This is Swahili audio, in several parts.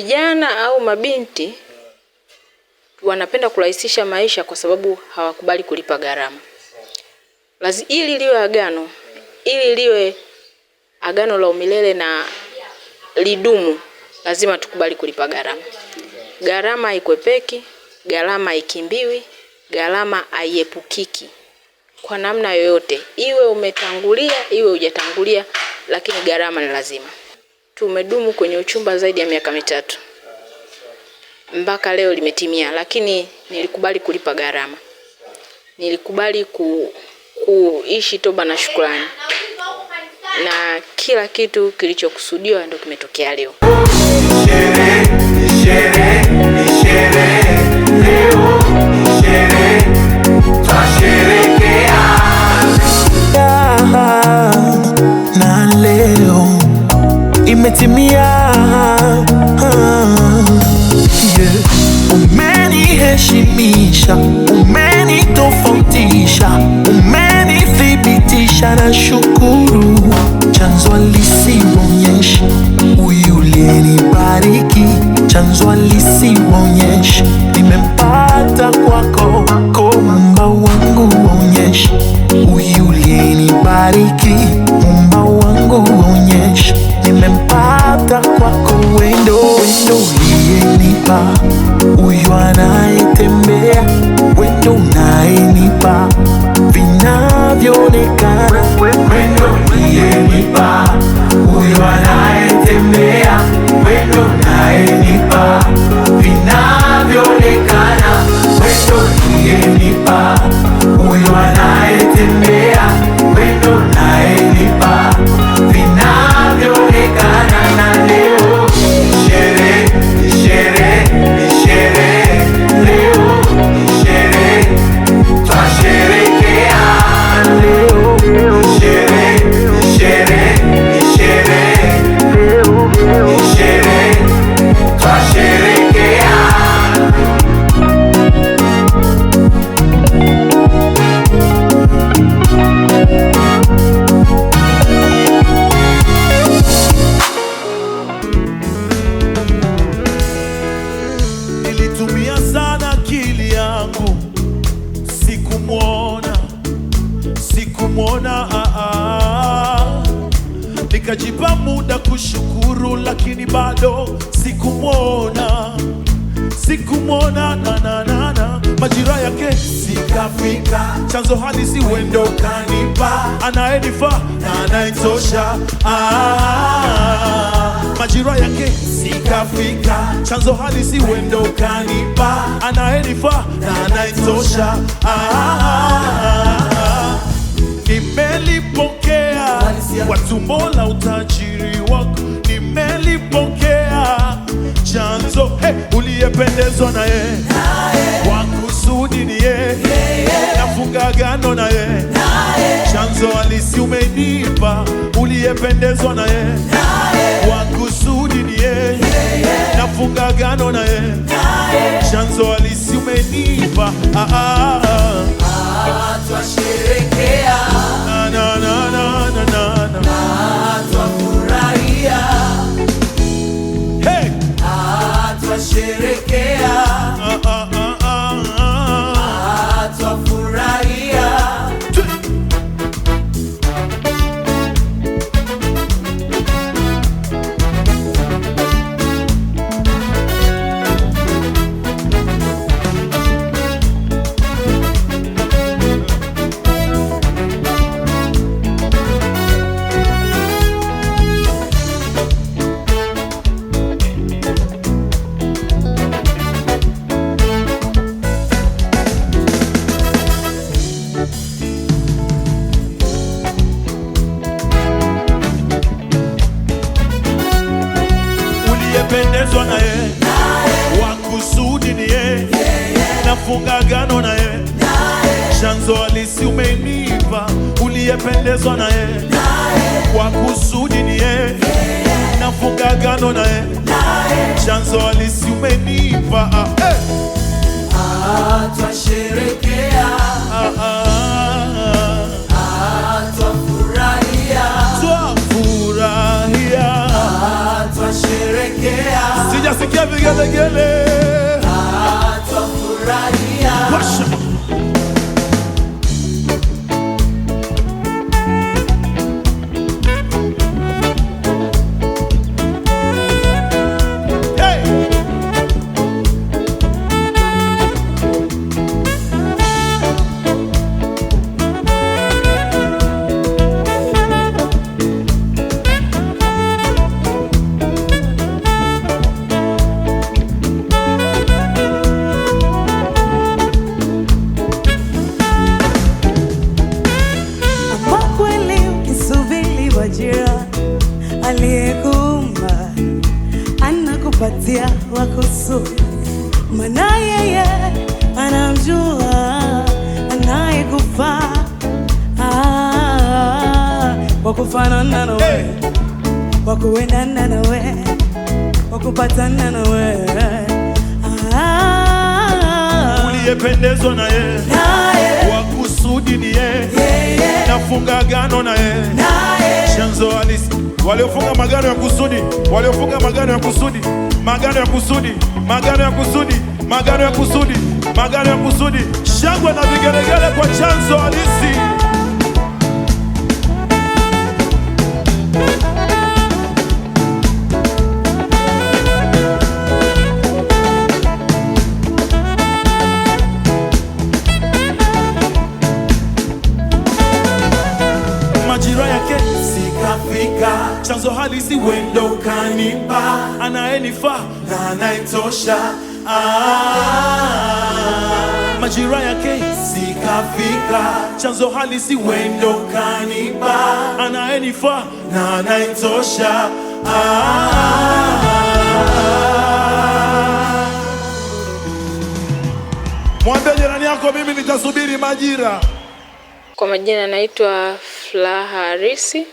vijana au mabinti wanapenda kurahisisha maisha kwa sababu hawakubali kulipa gharama. Lazima ili liwe agano, ili liwe agano la umilele na lidumu, lazima tukubali kulipa gharama. Gharama haikwepeki, gharama haikimbiwi, gharama haiepukiki kwa namna yoyote, iwe umetangulia iwe hujatangulia, lakini gharama ni lazima tumedumu kwenye uchumba zaidi ya miaka mitatu mpaka leo limetimia, lakini nilikubali kulipa gharama, nilikubali ku, kuishi toba na shukrani, na kila kitu kilichokusudiwa ndio kimetokea leo. imetimia. Yeah. Umeniheshimisha, umenitofautisha, umenithibitisha na shukuru. Chanzo alisimuonyeshi, bariki chanzo alisimuonyeshi love. kufika, chanzo halisi wendo kanipa, anayenifaa na anayenitosha. Ah, majira yake sikafika, chanzo halisi wendo kanipa, anayenifaa na anayenitosha. Ah, nimelipokea kwa tumbo la utajiri wako, nimelipokea chanzo hey, uliyependezwa naye kwa kusudi niye umefunga agano naye, chanzo halisi umenipa, uliyependezwa naye, wakusudi ye, nafunga agano naye, chanzo halisi umenipa ah, ah, ah. Yesu umenipa, uliyependezwa naye kwa kusudi niye nafunga na naye, chanzo halisi umenipa ah, eh. ah, ah, sijasikia vigelegele wa kuendana nawe, wa kupatana nawe, ah. uliyependezwa naye, wa kusudi ni yeye, nafunga agano naye, chanzo halisi, waliofunga magano ya kusudi, waliofunga magano ya kusudi, magano ya kusudi, magano ya kusudi, magano ya kusudi, magano ya kusudi, shangwe na vigelegele kwa chanzo halisi majira yake sikafika, chanzo halisi wendo kanipa, anayenifaa na anaitosha. Ah. Mwambie jirani yako, mimi nitasubiri majira. Kwa majina naitwa Furaha Harisi.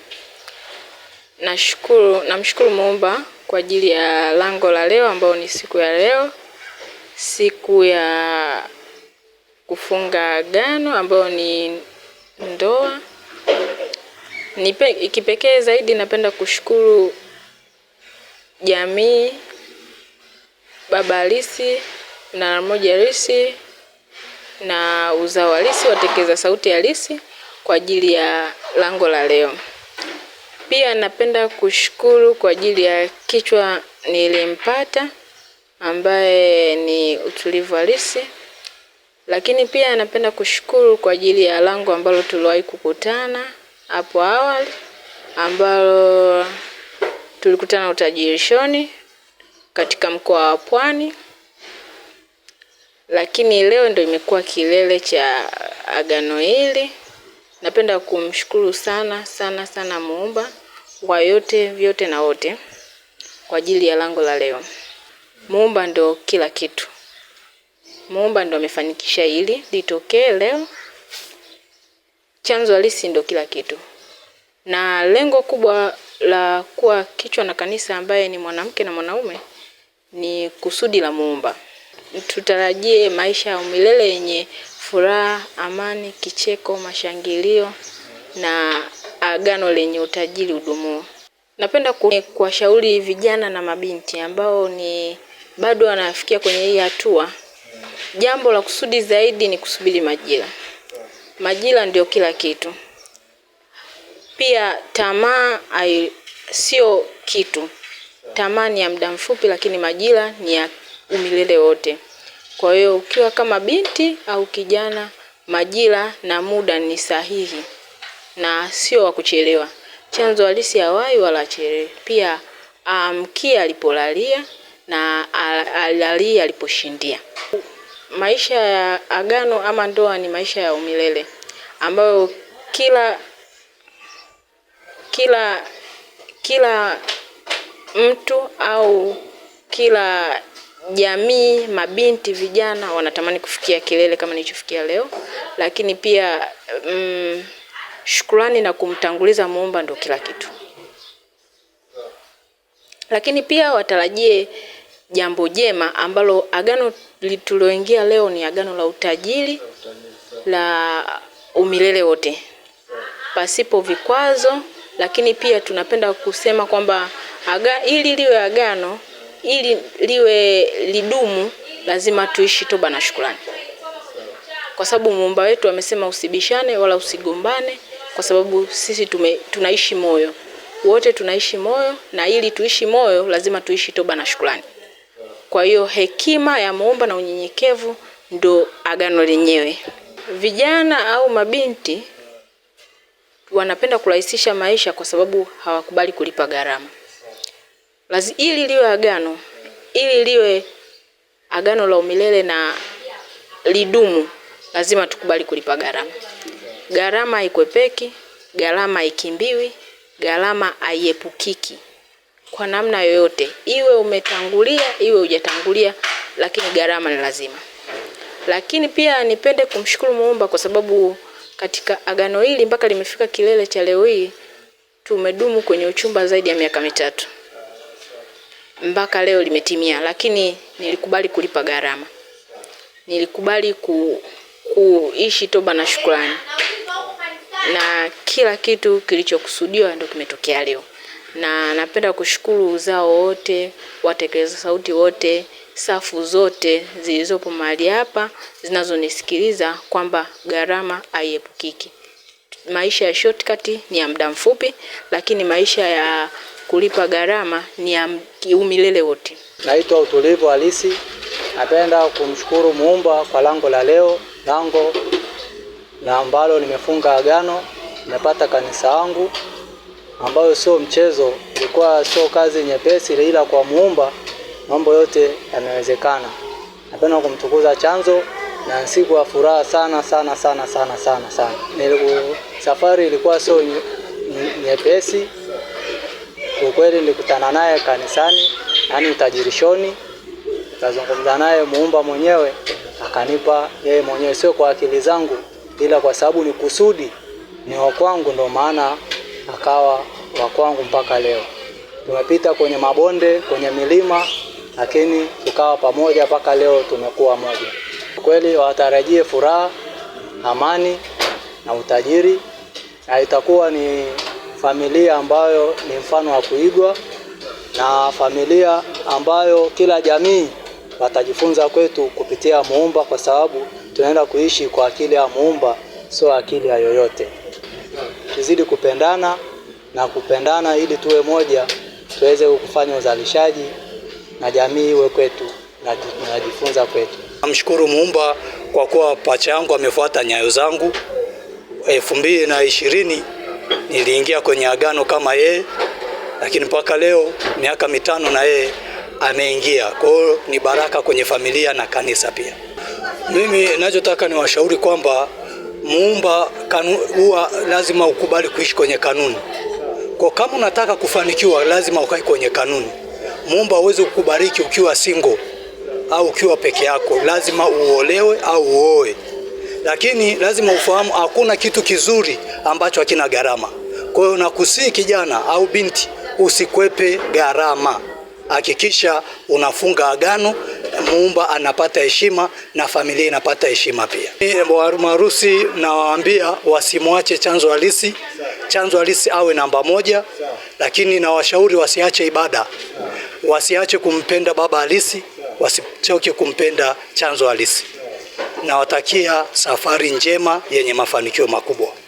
Nashukuru, namshukuru Muumba kwa ajili ya lango la leo, ambao ni siku ya leo, siku ya kufunga agano ambayo ni ndoa. Nipe, kipekee zaidi napenda kushukuru jamii, baba halisi, Binarammoja halisi na uzao halisi, watekeza sauti halisi kwa ajili ya lango la leo. Pia napenda kushukuru kwa ajili ya kichwa nilimpata ambaye ni utulivu halisi. Lakini pia napenda kushukuru kwa ajili ya lango ambalo tuliwahi kukutana hapo awali ambalo tulikutana utajirishoni katika mkoa wa Pwani, lakini leo ndo imekuwa kilele cha agano hili. Napenda kumshukuru sana sana sana Muumba wa yote vyote na wote kwa ajili ya lango la leo. Muumba ndo kila kitu. Muumba ndo amefanikisha hili litokee leo. Chanzo halisi ndo kila kitu, na lengo kubwa la kuwa kichwa na kanisa ambaye ni mwanamke na mwanaume ni kusudi la Muumba. Tutarajie maisha ya milele yenye furaha, amani, kicheko, mashangilio na agano lenye utajiri udumuo. Napenda kuwashauri vijana na mabinti ambao ni bado wanafikia kwenye hii hatua Jambo la kusudi zaidi ni kusubiri majira. Majira ndio kila kitu. Pia tamaa sio kitu, tamaa ni ya muda mfupi, lakini majira ni ya umilele wote. Kwa hiyo ukiwa kama binti au kijana, majira na muda ni sahihi na sio wa kuchelewa. Chanzo halisi hawai wala achelewe, pia aamkie alipolalia na alalie aliposhindia maisha ya agano ama ndoa ni maisha ya umilele ambayo kila kila kila mtu au kila jamii, mabinti, vijana wanatamani kufikia kilele kama nilichofikia leo, lakini pia mm, shukrani na kumtanguliza Muumba ndo kila kitu, lakini pia watarajie jambo jema ambalo agano tuloingia leo ni agano la utajiri la umilele wote pasipo vikwazo, lakini pia tunapenda kusema kwamba aga, ili liwe agano, ili liwe lidumu, lazima tuishi toba na shukrani, kwa sababu muumba wetu amesema usibishane wala usigombane, kwa sababu sisi tume, tunaishi moyo wote tunaishi moyo, na ili tuishi moyo lazima tuishi toba na shukrani. Kwa hiyo hekima ya Muumba na unyenyekevu ndo agano lenyewe. Vijana au mabinti wanapenda kurahisisha maisha kwa sababu hawakubali kulipa gharama. Lazima ili liwe agano, ili liwe agano la umilele na lidumu, lazima tukubali kulipa gharama. Gharama haikwepeki, gharama haikimbiwi, gharama haiepukiki kwa namna yoyote, iwe umetangulia iwe hujatangulia, lakini gharama ni lazima. Lakini pia nipende kumshukuru Muumba kwa sababu katika agano hili mpaka limefika kilele cha leo hii tumedumu kwenye uchumba zaidi ya miaka mitatu mpaka leo limetimia, lakini nilikubali kulipa gharama, nilikubali ku, kuishi toba na shukrani, na kila kitu kilichokusudiwa ndio kimetokea leo na napenda kushukuru uzao wote, watekeleza sauti wote, safu zote zilizopo mahali hapa zinazonisikiliza kwamba gharama haiepukiki. Maisha ya shortcut ni ya muda mfupi, lakini maisha ya kulipa gharama ni ya umilele wote. Naitwa Utulivu Halisi. Napenda kumshukuru Muumba kwa lango la leo, lango na ambalo nimefunga agano, nimepata kanisa wangu ambayo sio mchezo, ilikuwa sio kazi nyepesi, ila kwa Muumba mambo yote yamewezekana. Napenda kumtukuza Chanzo na siku ya furaha sana sana sana sana sana sana. Niliku, safari ilikuwa sio nyepesi kwa kweli. Nilikutana naye kanisani, yani utajirishoni, nikazungumza naye Muumba mwenyewe akanipa yeye mwenyewe, sio kwa akili zangu, ila kwa sababu ni kusudi ni wa kwangu, ndo maana akawa wa kwangu mpaka leo. Tumepita kwenye mabonde, kwenye milima, lakini tukawa pamoja mpaka leo, tumekuwa moja. Kweli watarajie furaha, amani na utajiri, na itakuwa ni familia ambayo ni mfano wa kuigwa na familia ambayo kila jamii watajifunza kwetu kupitia Muumba, kwa sababu tunaenda kuishi kwa akili ya Muumba, sio akili ya yoyote tuzidi kupendana na kupendana ili tuwe moja, tuweze kufanya uzalishaji na jamii iwe kwetu na tunajifunza kwetu. Namshukuru Muumba kwa kuwa pacha yangu amefuata nyayo zangu. elfu mbili na ishirini niliingia kwenye agano kama yeye, lakini mpaka leo miaka mitano na yeye ameingia. Kwa hiyo ni baraka kwenye familia na kanisa pia. Mimi nachotaka niwashauri kwamba muumba kanu, huwa lazima ukubali kuishi kwenye kanuni. Kwa kama unataka kufanikiwa, lazima ukae kwenye kanuni. Muumba hawezi kukubariki ukiwa single au ukiwa peke yako, lazima uolewe au uoe. Lakini lazima ufahamu hakuna kitu kizuri ambacho hakina gharama. Kwa hiyo nakusii kijana au binti, usikwepe gharama, hakikisha unafunga agano muumba anapata heshima na familia inapata heshima pia. Maharusi nawaambia wasimwache chanzo halisi, chanzo halisi awe namba moja, lakini na washauri wasiache ibada, wasiache kumpenda baba halisi, wasichoke kumpenda chanzo halisi. Nawatakia safari njema yenye mafanikio makubwa.